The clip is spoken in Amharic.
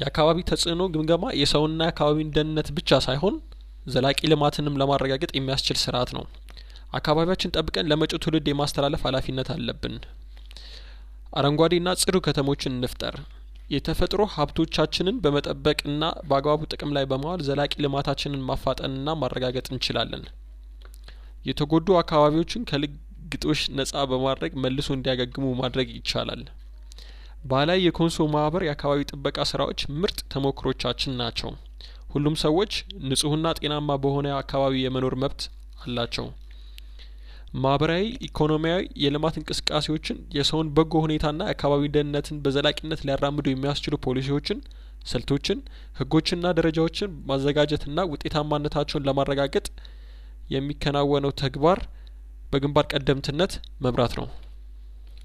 የአካባቢ ተጽዕኖ ግምገማ የሰውና የአካባቢን ደህንነት ብቻ ሳይሆን ዘላቂ ልማትንም ለማረጋገጥ የሚያስችል ስርዓት ነው። አካባቢያችን ጠብቀን ለመጪው ትውልድ የማስተላለፍ ኃላፊነት አለብን። አረንጓዴና ጽዱ ከተሞችን እንፍጠር። የተፈጥሮ ሀብቶቻችንን በመጠበቅና በአግባቡ ጥቅም ላይ በማዋል ዘላቂ ልማታችንን ማፋጠንና ማረጋገጥ እንችላለን። የተጎዱ አካባቢዎችን ከልግጦሽ ነጻ በማድረግ መልሶ እንዲያገግሙ ማድረግ ይቻላል። ባላይ የኮንሶ ማህበር የአካባቢ ጥበቃ ስራዎች ምርጥ ተሞክሮቻችን ናቸው። ሁሉም ሰዎች ንጹህና ጤናማ በሆነ አካባቢ የመኖር መብት አላቸው። ማህበራዊ፣ ኢኮኖሚያዊ የልማት እንቅስቃሴዎችን የሰውን በጎ ሁኔታና የአካባቢ ደህንነትን በዘላቂነት ሊያራምዱ የሚያስችሉ ፖሊሲዎችን፣ ስልቶችን፣ ህጎችና ደረጃዎችን ማዘጋጀትና ውጤታማነታቸውን ለማረጋገጥ የሚከናወነው ተግባር በግንባር ቀደምትነት መምራት ነው።